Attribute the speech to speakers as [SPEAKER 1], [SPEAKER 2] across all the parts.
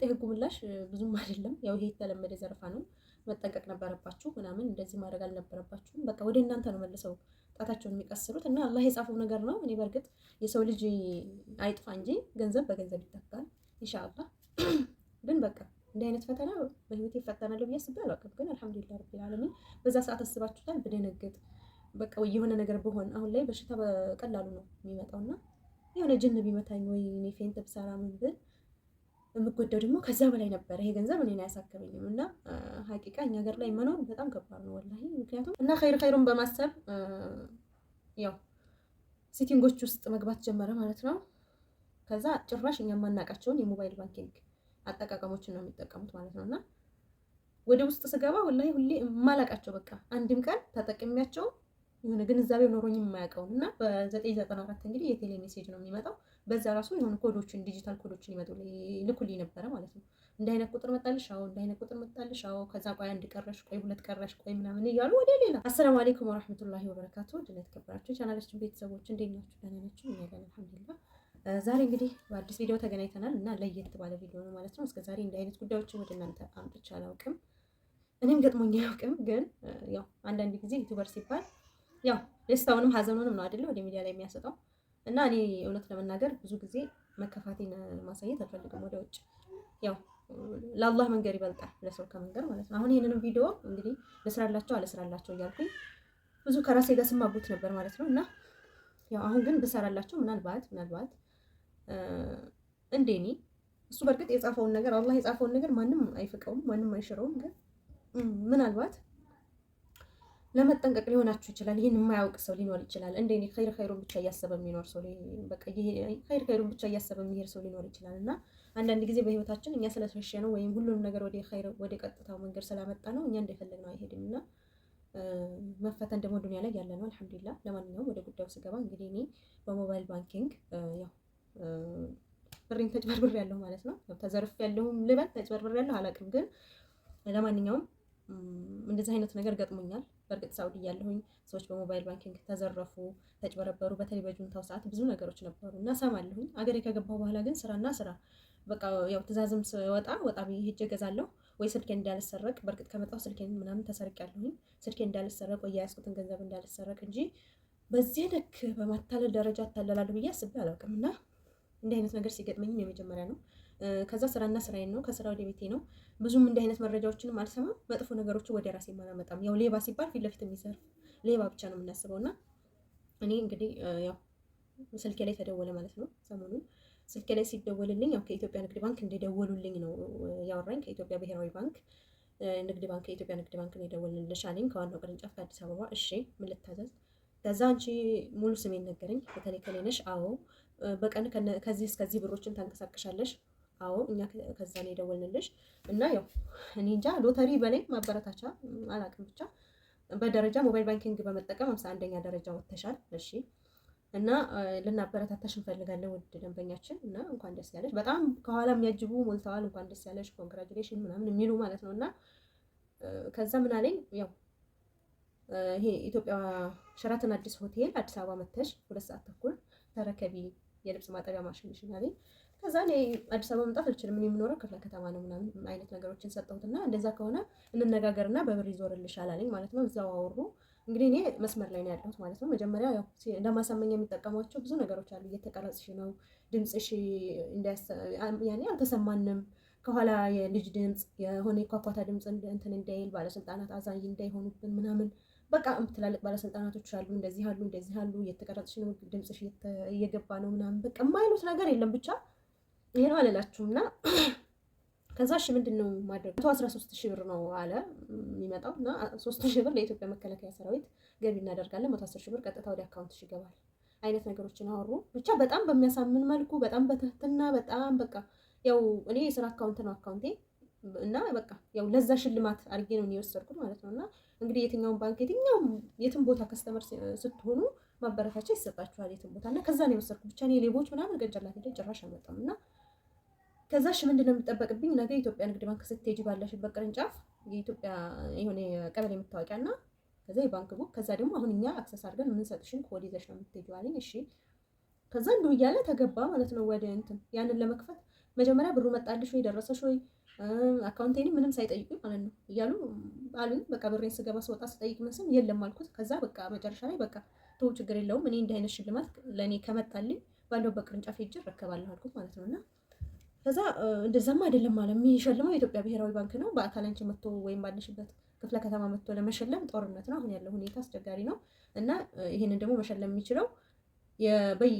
[SPEAKER 1] በእርግጥ የህጉ ምላሽ ብዙም አይደለም። ያው ይሄ የተለመደ ዘረፋ ነው፣ መጠንቀቅ ነበረባችሁ ምናምን፣ እንደዚህ ማድረግ አልነበረባችሁም። በቃ ወደ እናንተ ነው መልሰው ጣታቸውን የሚቀስሩት እና አላህ የጻፈው ነገር ነው። እኔ በእርግጥ የሰው ልጅ አይጥፋ እንጂ ገንዘብ በገንዘብ ይተካል ኢንሻአላህ። ግን በቃ እንዲህ አይነት ፈተና በህይወት ይፈተናል ብዬ አስቤ አላውቅም። ግን አልሐምዱሊላህ ረቢል ዓለሚን በዛ ሰዓት አስባችሁታል ብደነግጥ በቃ የሆነ ነገር በሆን አሁን ላይ በሽታ በቀላሉ ነው የሚመጣውና የሆነ ጅን ቢመታኝ ወይ ፌንት ብሰራ ምን ብል የምጎዳው ደግሞ ከዛ በላይ ነበረ። ይሄ ገንዘብ እኔን አያሳክመኝም እና ሀቂቃ እኛ ሀገር ላይ መኖር በጣም ከባድ ነው ወላሂ። ምክንያቱም እና ኸይር ኸይሩን በማሰብ ያው ሴቲንጎች ውስጥ መግባት ጀመረ ማለት ነው። ከዛ ጭራሽ እኛ የማናውቃቸውን የሞባይል ባንኪንግ አጠቃቀሞችን ነው የሚጠቀሙት ማለት ነው። እና ወደ ውስጥ ስገባ ወላሂ ሁሌ የማላውቃቸው በቃ አንድም ቀን ተጠቅሚያቸው የሆነ ግንዛቤ ኖሮኝ የማያውቀውን እና በ994 እንግዲህ የቴሌ ሜሴጅ ነው የሚመጣው። በዛ ራሱ የሆኑ ኮዶችን ዲጂታል ኮዶችን ይመጡ ልኩልኝ ነበረ ማለት ነው። እንደ አይነት ቁጥር መጣልሽ፣ አዎ፣ እንደ አይነት ቁጥር መጣልሽ፣ አዎ። ከዛ ቆይ አንድ ቀረሽ፣ ቆይ ሁለት ቀረሽ፣ ቆይ ምናምን እያሉ ወደ ሌላ። አሰላሙ አሌይኩም ወረሕመቱላሂ ወበረካቱ። ድና የተከበራችሁ ቻናላችን ቤተሰቦች እንዴት ናችሁ? ደህና ናችሁ? እኛ ጋር አልሐምዱሊላህ። ዛሬ እንግዲህ በአዲስ ቪዲዮ ተገናኝተናል እና ለየት ባለ ቪዲዮ ነው ማለት ነው። ዛሬ እንደ አይነት ጉዳዮችን ወደ እናንተ አምጥቼ አላውቅም፣ እኔም ገጥሞኝ አያውቅም። ግን ያው አንዳንድ ጊዜ ዩቱበር ሲባል ያው ደስታውንም ሀዘኑንም ነው አይደለ ወደ ሚዲያ ላይ የሚያሰጠው እና እኔ እውነት ለመናገር ብዙ ጊዜ መከፋቴን ማሳየት አልፈልግም ወደ ውጭ። ያው ለአላህ መንገድ ይበልጣል ለሰው ከመንገድ ማለት ነው። አሁን ይህንንም ቪዲዮ እንግዲህ ልስራላቸው አለስራላቸው እያልኩኝ ብዙ ከራሴ ጋር ስማቡት ነበር ማለት ነው እና ያው አሁን ግን ብሰራላቸው ምናልባት ምናልባት እንደኔ እሱ በእርግጥ የጻፈውን ነገር አላህ የጻፈውን ነገር ማንም አይፈቀውም፣ ማንም አይሽረውም። ግን ምናልባት ለመጠንቀቅ ሊሆናችሁ ይችላል። ይህን የማያውቅ ሰው ሊኖር ይችላል። እንደ እኔ ኸይር ኸይሩን ብቻ እያሰበ የሚኖር ሰው ኸይር ኸይሩን ብቻ እያሰበ የሚሄድ ሰው ሊኖር ይችላል። እና አንዳንድ ጊዜ በህይወታችን እኛ ስለሸሸ ነው ወይም ሁሉንም ነገር ወደ ኸይር ወደ ቀጥታው መንገድ ስላመጣ ነው እኛ እንደፈለግ ነው አይሄድም። እና መፈተን ደግሞ ዱኒያ ላይ ያለ ነው። አልሐምዱሊላ። ለማንኛውም ወደ ጉዳዩ ስገባ እንግዲህ እኔ በሞባይል ባንኪንግ ያው ብሬን ተጭበርብሬ ያለሁ ማለት ነው። ተዘርፍ ያለሁም ልበል ተጭበርብር ያለሁ አላውቅም ግን ለማንኛውም እንደዚህ አይነት ነገር ገጥሞኛል። በእርግጥ ሳውዲ እያለሁኝ ሰዎች በሞባይል ባንኪንግ ተዘረፉ፣ ተጭበረበሩ። በተለይ በጁንታው ሰዓት ብዙ ነገሮች ነበሩ እና ሰማለሁኝ። አገሬ ከገባሁ በኋላ ግን ስራና ስራ በቃ ያው ትእዛዝም ስወጣ ወጣ ብዬ ሄጄ እገዛለሁ ወይ ስልኬን እንዳልሰረቅ። በእርግጥ ከመጣሁ ስልኬን ምናምን ተሰርቅ ያለሁኝ ስልኬን እንዳልሰረቅ ወይ የያዝኩትን ገንዘብ እንዳልሰረቅ እንጂ በዚህ ልክ በማታለል ደረጃ እታለላለሁ ብዬ አስቤ አላውቅም። እና እንዲህ አይነት ነገር ሲገጥመኝም የመጀመሪያ ነው። ከዛ ስራና ስራዬን ነው፣ ከስራ ወደ ቤቴ ነው። ብዙም እንዲህ አይነት መረጃዎችንም አልሰማም። መጥፎ ነገሮች ወደ ራሴ አላመጣም። ያው ሌባ ሲባል ፊት ለፊት ሌባ ብቻ ነው የምናስበው እና እኔ እንግዲህ ያው ስልኬ ላይ ተደወለ ማለት ነው። ሰሞኑን ስልኬ ላይ ሲደወልልኝ ያው ከኢትዮጵያ ንግድ ባንክ እንደደወሉልኝ ነው ያወራኝ። ከኢትዮጵያ ብሔራዊ ባንክ ንግድ ባንክ ከኢትዮጵያ ንግድ ባንክ ነው የደወልልሽ አለኝ። ከዋናው ቅርንጫፍ ከአዲስ አበባ። እሺ ምን ልታዘዝ? ከዛ አንቺ ሙሉ ስሜን ነገረኝ። በተለይ ከሌነሽ አዎ፣ በቀን ከዚህ እስከዚህ ብሮችን ታንቀሳቀሻለሽ አዎ እኛ ከዛ ነው የደወልንልሽ እና ያው እኔ እንጃ ሎተሪ በላይ ማበረታቻ አላውቅም። ብቻ በደረጃ ሞባይል ባንኪንግ በመጠቀም አምሳ አንደኛ ደረጃ ወጥተሻል። እሺ እና ልናበረታታሽ እንፈልጋለን ውድ ደንበኛችን እና እንኳን ደስ ያለሽ። በጣም ከኋላ የሚያጅቡ ሞልተዋል። እንኳን ደስ ያለሽ ኮንግራጁሌሽን ምናምን የሚሉ ማለት ነው። እና ከዛ ምን አለኝ ያው ይሄ ኢትዮጵያ ሸራተን አዲስ ሆቴል አዲስ አበባ መተሽ ሁለት ሰዓት ተኩል ተረከቢ የልብስ ማጠቢያ ማሽን አለኝ። ከዛ እኔ አዲስ አበባ መምጣት አልችልም፣ እኔ የምኖረው ክፍለ ከተማ ነው ምናምን አይነት ነገሮችን ሰጠሁትና እንደዛ ከሆነ እንነጋገርና በብር ይዞርልሻል አለኝ ማለት ነው። እዛው አወሩ። እንግዲህ እኔ መስመር ላይ ነው ያለሁት ማለት ነው። መጀመሪያ ያው የሚጠቀሟቸው ብዙ ነገሮች አሉ። እየተቀረጽሽ ነው፣ ድምፅሽ ያኔ አልተሰማንም፣ ከኋላ የልጅ ድምፅ የሆነ የኳኳታ ድምፅ እንትን እንዳይል ባለስልጣናት አዛኝ እንዳይሆኑብን ምናምን በቃ ትላልቅ ባለስልጣናቶች አሉ፣ እንደዚህ አሉ፣ እንደዚህ አሉ፣ እየተቀረጽሽ ነው፣ ድምፅሽ እየገባ ነው ምናምን በቃ የማይሉት ነገር የለም ብቻ ይሄ ነው አለላችሁም እና ከዛ እሺ ምንድን ነው ማድረግ? መቶ አስራ ሶስት ሺህ ብር ነው አለ የሚመጣው እና ሶስት ሺህ ብር ለኢትዮጵያ መከላከያ ሰራዊት ገቢ እናደርጋለን። መቶ አስር ሺህ ብር ቀጥታ ወደ አካውንትሽ ይገባል አይነት ነገሮችን አወሩ። ብቻ በጣም በሚያሳምን መልኩ በጣም በትህትና በጣም በቃ ያው እኔ የስራ አካውንት ነው አካውንቴ እና በቃ ያው ለዛ ሽልማት አድርጌ ነው የወሰድኩት ማለት ነው። እና እንግዲህ የትኛውን ባንክ የትኛውም የትም ቦታ ከስተመር ስትሆኑ ማበረታቻ ይሰጣችኋል የትም ቦታ እና ከዛ ነው የወሰድኩት። ብቻ እኔ ሌቦች ምናምን ገንጨላት ጭራሽ አልመጣም እና ከዛ ሽ ምንድን ነው የሚጠበቅብኝ? ነገ የኢትዮጵያ ንግድ ባንክ ስትሄጂ ባለሽበት ቅርንጫፍ የኢትዮጵያ የሆነ ቀበሌ የምታወቂያ እና ከዛ የባንክ ቡክ፣ ከዛ ደግሞ አሁን እኛ አክሰስ አድርገን የምንሰጥሽን ኮድ ይዘሽ ነው የምትሄጂው አለኝ። እሺ ከዛ እንዲሁ እያለ ተገባ ማለት ነው ወደ እንትን ያንን ለመክፈት መጀመሪያ ብሩ መጣልሽ ወይ ደረሰሽ ወይ አካውንቴን ምንም ሳይጠይቁኝ ማለት ነው እያሉ አሉኝ። በቃ ብሬን ስገባ ስወጣ ስጠይቅ መስም የለም አልኩት። ከዛ በቃ መጨረሻ ላይ በቃ ተው ችግር የለውም እኔ እንዲህ አይነት ሽልማት ለእኔ ከመጣልኝ ባለው በቅርንጫፍ ሄጄ እረከባለሁ አልኩት ማለት ነው እና ከዛ እንደዛማ አይደለም ማለት የሚሸልመው የኢትዮጵያ ብሔራዊ ባንክ ነው። በአካል አንቺ መጥቶ ወይም ባለሽበት ክፍለ ከተማ መጥቶ ለመሸለም ጦርነት ነው። አሁን ያለው ሁኔታ አስቸጋሪ ነው እና ይህንን ደግሞ መሸለም የሚችለው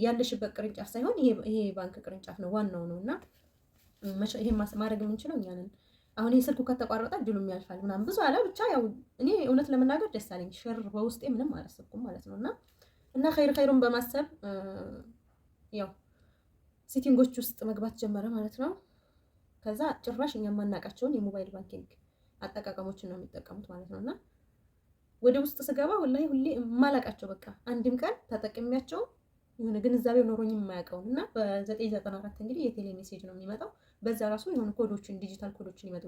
[SPEAKER 1] ያለሽበት ቅርንጫፍ ሳይሆን ይሄ ባንክ ቅርንጫፍ ነው ዋናው ነው። እና ይሄን ማድረግ የምንችለው እኛ ነን። አሁን ይህ ስልኩ ከተቋረጠ እድሉም ያልፋል ምናምን ብዙ አለ። ብቻ ያው እኔ እውነት ለመናገር ደስ አለኝ። ሸር በውስጤ ምንም አላሰብኩም ማለት ነው እና እና ኸይር ኸይሩን በማሰብ ያው ሴቲንጎች ውስጥ መግባት ጀመረ ማለት ነው። ከዛ ጭራሽ እኛ የማናውቃቸውን የሞባይል ባንኪንግ አጠቃቀሞችን ነው የሚጠቀሙት ማለት ነው። እና ወደ ውስጥ ስገባ ወላሂ ሁሌ የማላውቃቸው በቃ አንድም ቀን ተጠቅሚያቸው የሆነ ግንዛቤው ኖሮኝ የማያውቀውን እና በዘጠኝ ዘጠና አራት እንግዲህ የቴሌ ሜሴጅ ነው የሚመጣው። በዛ ራሱ የሆነ ኮዶችን ዲጂታል ኮዶችን ይመጡ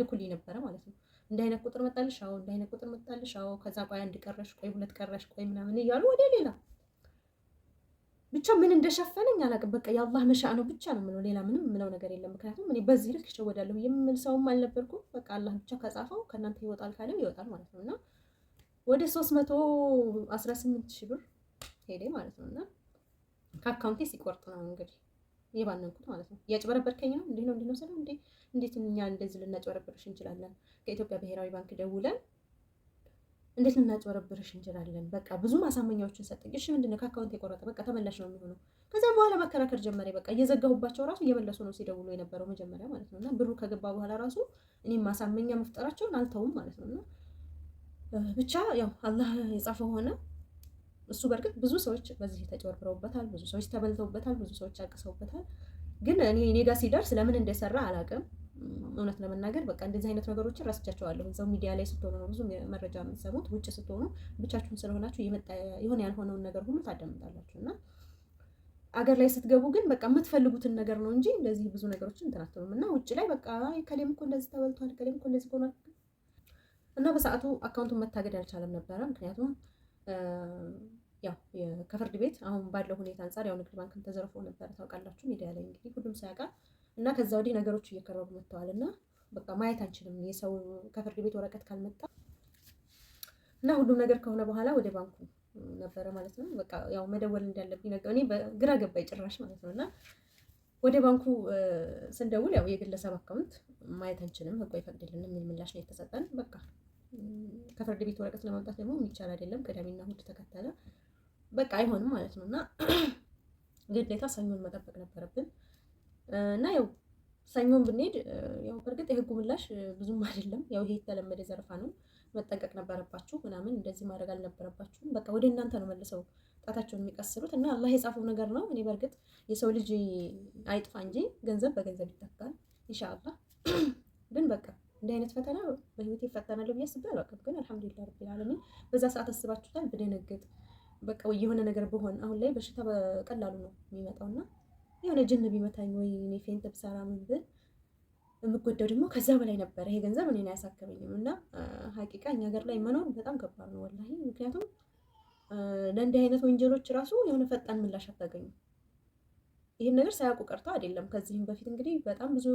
[SPEAKER 1] ልኩልኝ ነበረ ማለት ነው። እንደ አይነት ቁጥር መጣልሽ፣ አዎ፣ እንደ አይነት ቁጥር መጣልሽ፣ አዎ። ከዛ ቆይ አንድ ቀረሽ፣ ቆይ ሁለት ቀረሽ፣ ቆይ ምናምን እያሉ ወደ ሌላ ብቻ ምን እንደሸፈነኝ አላቅም። በቃ የአላህ መሻ ነው ብቻ ነው የምለው፣ ሌላ ምንም የምለው ነገር የለም። ምክንያቱም እኔ በዚህ ልክ ይሸወዳለሁ የምል ሰውም አልነበርኩም። በቃ አላህ ብቻ ከጻፈው ከእናንተ ይወጣል ካለው ይወጣል ማለት ነው እና ወደ ሶስት መቶ አስራ ስምንት ሺህ ብር ሄደ ማለት ነው እና ከአካውንቴ ሲቆርጥ ነው እንግዲህ የባነንኩት ማለት ነው። እያጭበረበርከኝ ነው እንዲህ ነው እንዲህ ነው እንዴት እኛ እንደዚህ ልናጭበረበርሽ እንችላለን? ከኢትዮጵያ ብሔራዊ ባንክ ደውለን እንዴት ልናጭበረብርሽ እንችላለን? በቃ ብዙ ማሳመኛዎችን ሰጠኝ። እሺ ምንድን ከአካውንት የቆረጠ በቃ ተመላሽ ነው የሚሆነው። ከዚያ በኋላ መከራከር ጀመረ። በቃ እየዘጋሁባቸው ራሱ እየመለሱ ነው ሲደውሉ የነበረው መጀመሪያ ማለት ነው። እና ብሩ ከገባ በኋላ ራሱ እኔም ማሳመኛ መፍጠራቸውን አልተውም ማለት ነው። እና ብቻ ያው አላህ የጻፈው ሆነ። እሱ በእርግጥ ብዙ ሰዎች በዚህ ተጭበርብረውበታል፣ ብዙ ሰዎች ተበልተውበታል፣ ብዙ ሰዎች አቅሰውበታል። ግን እኔ እኔ ጋር ሲደርስ ለምን እንደሰራ አላውቅም። እውነት ለመናገር በቃ እንደዚህ አይነት ነገሮችን ረስቻቸዋለሁ። እዛው ሚዲያ ላይ ስትሆኑ ነው ብዙ መረጃ የምትሰሙት። ውጭ ስትሆኑ ብቻችሁን ስለሆናችሁ የሆነ ያልሆነውን ነገር ሁሉ ታደምጣላችሁ እና አገር ላይ ስትገቡ ግን በቃ የምትፈልጉትን ነገር ነው እንጂ እንደዚህ ብዙ ነገሮችን እንትናትሉም እና ውጭ ላይ በቃ ከሌም እኮ እንደዚህ ተበልቷል፣ ከሌም እኮ እንደዚህ ሆኗል እና በሰዓቱ አካውንቱን መታገድ አልቻለም ነበረ። ምክንያቱም ያው ከፍርድ ቤት አሁን ባለው ሁኔታ አንጻር ያው ንግድ ባንክም ተዘርፎ ነበረ ታውቃላችሁ። ሚዲያ ላይ እንግዲህ ሁሉም ሳያውቃል እና ከዛ ወዲህ ነገሮች እየከረሩ መጥተዋል እና በቃ ማየት አንችልም የሰው ከፍርድ ቤት ወረቀት ካልመጣ እና ሁሉም ነገር ከሆነ በኋላ ወደ ባንኩ ነበረ ማለት ነው። በቃ ያው መደወል እንዳለብኝ ነገር እኔ ግራ ገባኝ ጭራሽ ማለት ነው። እና ወደ ባንኩ ስንደውል ያው የግለሰብ አካውንት ማየት አንችልም፣ ህጉ አይፈቅድልንም የሚል ምላሽ ነው የተሰጠን። በቃ ከፍርድ ቤት ወረቀት ለማምጣት ደግሞ የሚቻል አይደለም። ቅዳሜና እሑድ ተከተለ። በቃ አይሆንም ማለት ነው እና ግዴታ ሰኞን መጠበቅ ነበረብን። እና ያው ሰኞን ብንሄድ ያው በእርግጥ የህጉ ምላሽ ብዙም አይደለም። ያው ይሄ የተለመደ ዘረፋ ነው፣ መጠንቀቅ ነበረባችሁ ምናምን እንደዚህ ማድረግ አልነበረባችሁም። በቃ ወደ እናንተ ነው መልሰው ጣታቸውን የሚቀስሩት እና አላህ የጻፈው ነገር ነው። እኔ በእርግጥ የሰው ልጅ አይጥፋ እንጂ ገንዘብ በገንዘብ ይተካል ኢንሻአላህ። ግን በቃ እንዲህ አይነት ፈተና በህይወት ይፈተናል ብዬ አስቤ አላውቅም። ግን አልሐምዱሊላህ ረቢል ዓለሚን በዛ ሰዓት አስባችሁታል ብደነግጥ በቃ የሆነ ነገር በሆን አሁን ላይ በሽታ በቀላሉ ነው የሚመጣውና የሆነ ጅን ቢመታኝ ወይ እኔ ፌንት ብሰራ ምን ብል የምጎዳው ደግሞ ከዛ በላይ ነበረ። ይሄ ገንዘብ እኔን አያሳከበኝም። እና ሀቂቃ እኛ ሀገር ላይ መኖር በጣም ከባድ ነው ወላሂ። ምክንያቱም ለእንዲህ አይነት ወንጀሎች ራሱ የሆነ ፈጣን ምላሽ አታገኙም። ይህን ነገር ሳያውቁ ቀርቶ አይደለም። ከዚህም በፊት እንግዲህ በጣም ብዙ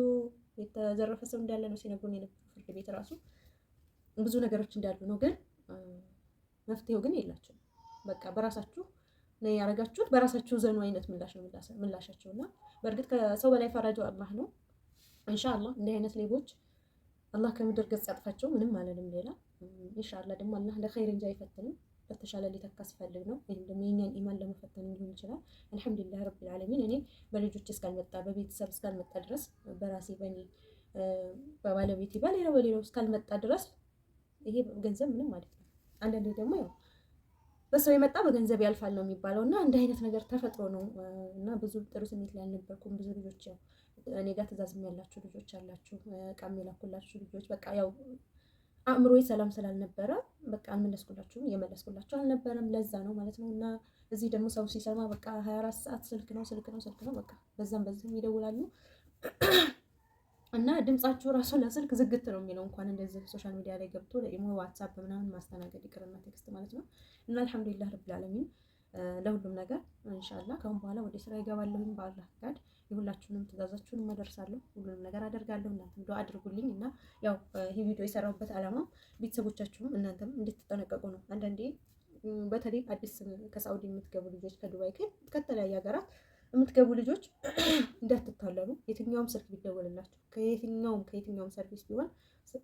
[SPEAKER 1] የተዘረፈ ሰው እንዳለ ነው ሲነግሩን የነበረው። ፍርድ ቤት ራሱ ብዙ ነገሮች እንዳሉ ነው። ግን መፍትሄው ግን የላቸውም። በቃ በራሳችሁ ነው ያደረጋችሁት፣ በራሳችሁ ዘኑ አይነት ምላሽ ነው ምላሻችሁ። እና በእርግጥ ከሰው በላይ ፈራጀው አላህ ነው። እንሻላ እንዲህ አይነት ሌቦች አላህ ከምድር ገጽ ያጥፋቸው። ምንም አለንም ሌላ። እንሻላ ደግሞ አላህ ለኸይር እንጂ አይፈትንም። በተሻለ ሊተካ ሲፈልግ ነው። ወይም ደግሞ የኛን ኢማን ለመፈተን ሊሆን ይችላል። አልሐምዱሊላህ ረብል ዓለሚን። እኔ በልጆች እስካልመጣ በቤተሰብ እስካልመጣ ድረስ በራሴ በኔ በባለቤቴ በሌላው በሌላው እስካልመጣ ድረስ ይሄ ገንዘብ ምንም ማለት ነው። አንዳንዴ ደግሞ ያው በሰው የመጣ በገንዘብ ያልፋል ነው የሚባለው እና እንደ አይነት ነገር ተፈጥሮ ነው እና ብዙ ጥሩ ስሜት ላይ አልነበርኩም። ብዙ ልጆች ያው እኔ ጋር ያላችሁ ልጆች አላችሁ፣ እቃም የላኩላችሁ ልጆች በቃ ያው አእምሮ ሰላም ስላልነበረ በቃ አልመለስኩላችሁም፣ እየመለስኩላችሁ አልነበረም። ለዛ ነው ማለት ነው እና እዚህ ደግሞ ሰው ሲሰማ በቃ ሀያ አራት ሰዓት ስልክ ነው ስልክ ነው ስልክ ነው በቃ በዛም በዚህም ይደውላሉ። እና ድምጻችሁ ራሱ ለስልክ ዝግት ነው የሚለው እንኳን እንደዚህ ሶሻል ሚዲያ ላይ ገብቶ ለኢሞ ዋትሳፕ ምናምን ማስተናገድ ይቅርና ቴክስት ማለት ነው። እና አልሐምዱሊላህ ረብል ዓለሚን ለሁሉም ነገር እንሻላ ከአሁን በኋላ ወደ ስራ ይገባለሁኝ። በአላህ ፍቃድ የሁላችሁንም ትእዛዛችሁን መደርሳለሁ። ሁሉንም ነገር አደርጋለሁ። እናንተም ዱዓ አድርጉልኝ እና ያው ይህ ቪዲዮ የሰራሁበት ዓላማ ቤተሰቦቻችሁም እናንተም እንድትጠነቀቁ ነው። አንዳንዴ በተለይ አዲስ ከሳውዲ የምትገቡ ልጆች ከዱባይ ከተለያየ ሀገራት የምትገቡ ልጆች እንዳትታለሉ። የትኛውም ስልክ ቢደወልላችሁ ከየትኛውም ከየትኛውም ሰርቪስ ቢሆን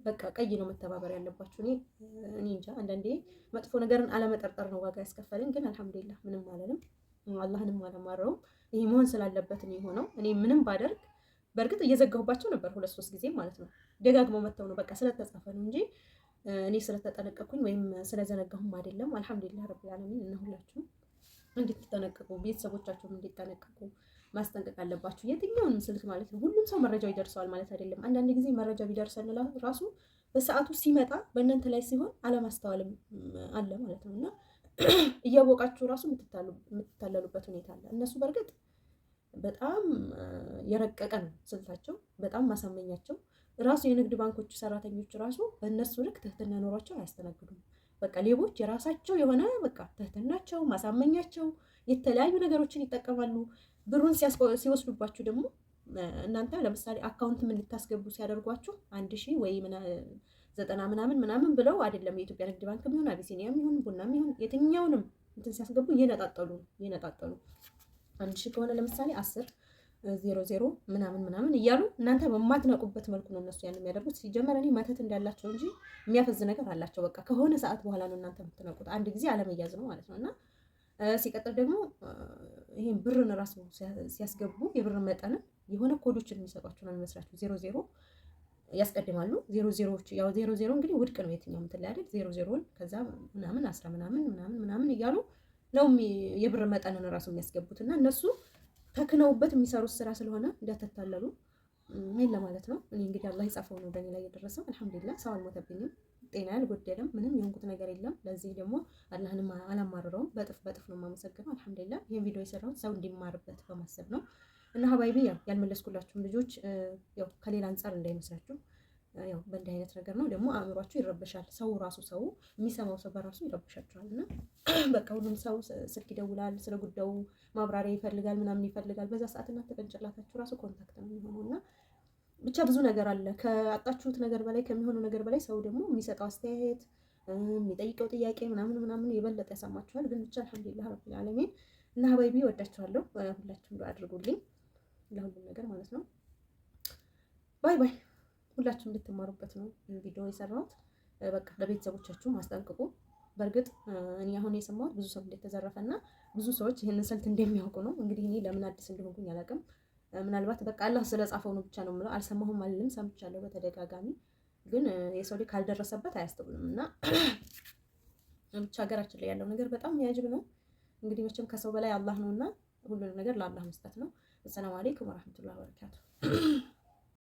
[SPEAKER 1] በቃ ቀይ ነው መተባበር ያለባችሁ። እኔ እኔ እንጃ አንዳንዴ መጥፎ ነገርን አለመጠርጠር ነው ዋጋ ያስከፈልን። ግን አልሐምዱሊላህ ምንም አለንም፣ አላህንም አለማረውም። ይህ መሆን ስላለበት ነው የሆነው። እኔ ምንም ባደርግ በእርግጥ እየዘጋሁባቸው ነበር ሁለት ሶስት ጊዜ ማለት ነው። ደጋግመው መጥተው ነው በቃ ስለተጻፈ ነው እንጂ እኔ ስለተጠነቀኩኝ ወይም ስለዘነጋሁም አይደለም። አልሐምዱሊላህ ረብል ዓለሚን እነሁላችሁም እንድትጠነቀቁ ቤተሰቦቻችሁም እንዲጠነቀቁ ማስጠንቀቅ አለባችሁ። የትኛውንም ስልክ ማለት ነው። ሁሉም ሰው መረጃው ይደርሰዋል ማለት አይደለም። አንዳንድ ጊዜ መረጃ ቢደርሰን ራሱ በሰዓቱ ሲመጣ በእናንተ ላይ ሲሆን አለማስተዋልም አለ ማለት ነው እና እያወቃችሁ ራሱ የምትታለሉበት ሁኔታ አለ። እነሱ በእርግጥ በጣም የረቀቀ ነው ስልታቸው፣ በጣም ማሳመኛቸው ራሱ የንግድ ባንኮቹ ሰራተኞች ራሱ በእነሱ ልክ ትህትና ኖሯቸው አያስተናግዱም። በቃ ሌቦች የራሳቸው የሆነ በቃ ትህትናቸው፣ ማሳመኛቸው የተለያዩ ነገሮችን ይጠቀማሉ። ብሩን ሲወስዱባችሁ ደግሞ እናንተ ለምሳሌ አካውንት ልታስገቡ ሲያደርጓችሁ አንድ ሺህ ወይ ዘጠና ምናምን ምናምን ብለው አይደለም የኢትዮጵያ ንግድ ባንክ የሚሆን አቢሲኒያ የሚሆን ቡና የሚሆን የትኛውንም እንትን ሲያስገቡ እየነጣጠሉ እየነጣጠሉ አንድ ሺህ ከሆነ ለምሳሌ አስር ዜሮ ዜሮ ምናምን ምናምን እያሉ እናንተ በማትነቁበት መልኩ ነው እነሱ ያን የሚያደርጉት። ሲጀመር እኔ መተት እንዳላቸው እንጂ የሚያፈዝ ነገር አላቸው። በቃ ከሆነ ሰዓት በኋላ ነው እናንተ የምትነቁት። አንድ ጊዜ አለመያዝ ነው ማለት ነው። እና ሲቀጥል ደግሞ ይሄን ብርን ራሱ ሲያስገቡ የብር መጠንን የሆነ ኮዶችን የሚሰጧቸው ነው የሚመስላቸው። ዜሮ ዜሮ ያስቀድማሉ። ዜሮ ዜሮዎች ያው ዜሮ ዜሮ እንግዲህ ውድቅ ነው የትኛው ምትል ያደግ ዜሮ ዜሮን ከዛ ምናምን አስራ ምናምን ምናምን ምናምን እያሉ ነው የብር መጠንን ራሱ የሚያስገቡት እና እነሱ ተክነውበት የሚሰሩት ስራ ስለሆነ እንዳትታለሉ ይህን ለማለት ነው። እኔ እንግዲህ አላህ የጻፈው ነው በእኔ ላይ የደረሰው። አልሐምዱሊላህ ሰው አልሞተብኝም፣ ጤና አልጎደለም፣ ምንም የሆንኩት ነገር የለም። ለዚህ ደግሞ አላህን አላማርረውም። በጥፍ በጥፍ ነው የማመሰግነው። አልሐምዱሊላህ ይህን ቪዲዮ የሰራሁት ሰው እንዲማርበት በማሰብ ነው እና ሀባይቢ ያልመለስኩላችሁም ልጆች ያው ከሌላ አንጻር እንዳይመስላችሁ ያው በእንዲህ አይነት ነገር ነው ደግሞ አእምሯቸው ይረበሻል። ሰው ራሱ ሰው የሚሰማው ሰው በራሱ ይረበሻቸዋል። እና በቃ ሁሉም ሰው ስልክ ይደውላል፣ ስለ ጉዳዩ ማብራሪያ ይፈልጋል፣ ምናምን ይፈልጋል። በዛ ሰዓት እና ተቀንጭላታችሁ ራሱ ኮንታክት ነው የሚሆነው እና ብቻ ብዙ ነገር አለ። ከአጣችሁት ነገር በላይ ከሚሆነው ነገር በላይ ሰው ደግሞ የሚሰጠው አስተያየት፣ የሚጠይቀው ጥያቄ ምናምን ምናምን የበለጠ ያሰማችኋል። ግን ብቻ አልሐምዱሊላህ ረቢል ዓለሚን እና ሀባይቢ ወዳችኋለሁ። ሁላችሁም አድርጉልኝ ለሁሉም ነገር ማለት ነው። ባይ ባይ ሁላችሁ እንድትማሩበት ነው ቪዲዮ የሰራሁት። በቃ ለቤተሰቦቻችሁ ማስጠንቅቁ። በእርግጥ እኔ አሁን የሰማሁት ብዙ ሰው እንደተዘረፈ እና ብዙ ሰዎች ይህንን ስልት እንደሚያውቁ ነው። እንግዲህ እኔ ለምን አዲስ እንደሆንኩኝ አላውቅም። ምናልባት በቃ አላህ ስለጻፈው ነው ብቻ ነው የምለው። አልሰማሁም አልልም፣ ሰምቻለሁ በተደጋጋሚ ግን የሰው ልጅ ካልደረሰበት አያስተውልም እና ብቻ ሀገራችን ላይ ያለው ነገር በጣም የሚያጅብ ነው። እንግዲህ መቼም ከሰው በላይ አላህ ነው እና ሁሉንም ነገር ለአላህ መስጠት ነው። አሰላሙ አለይኩም ወረሕመቱላሂ ወበረካቱ።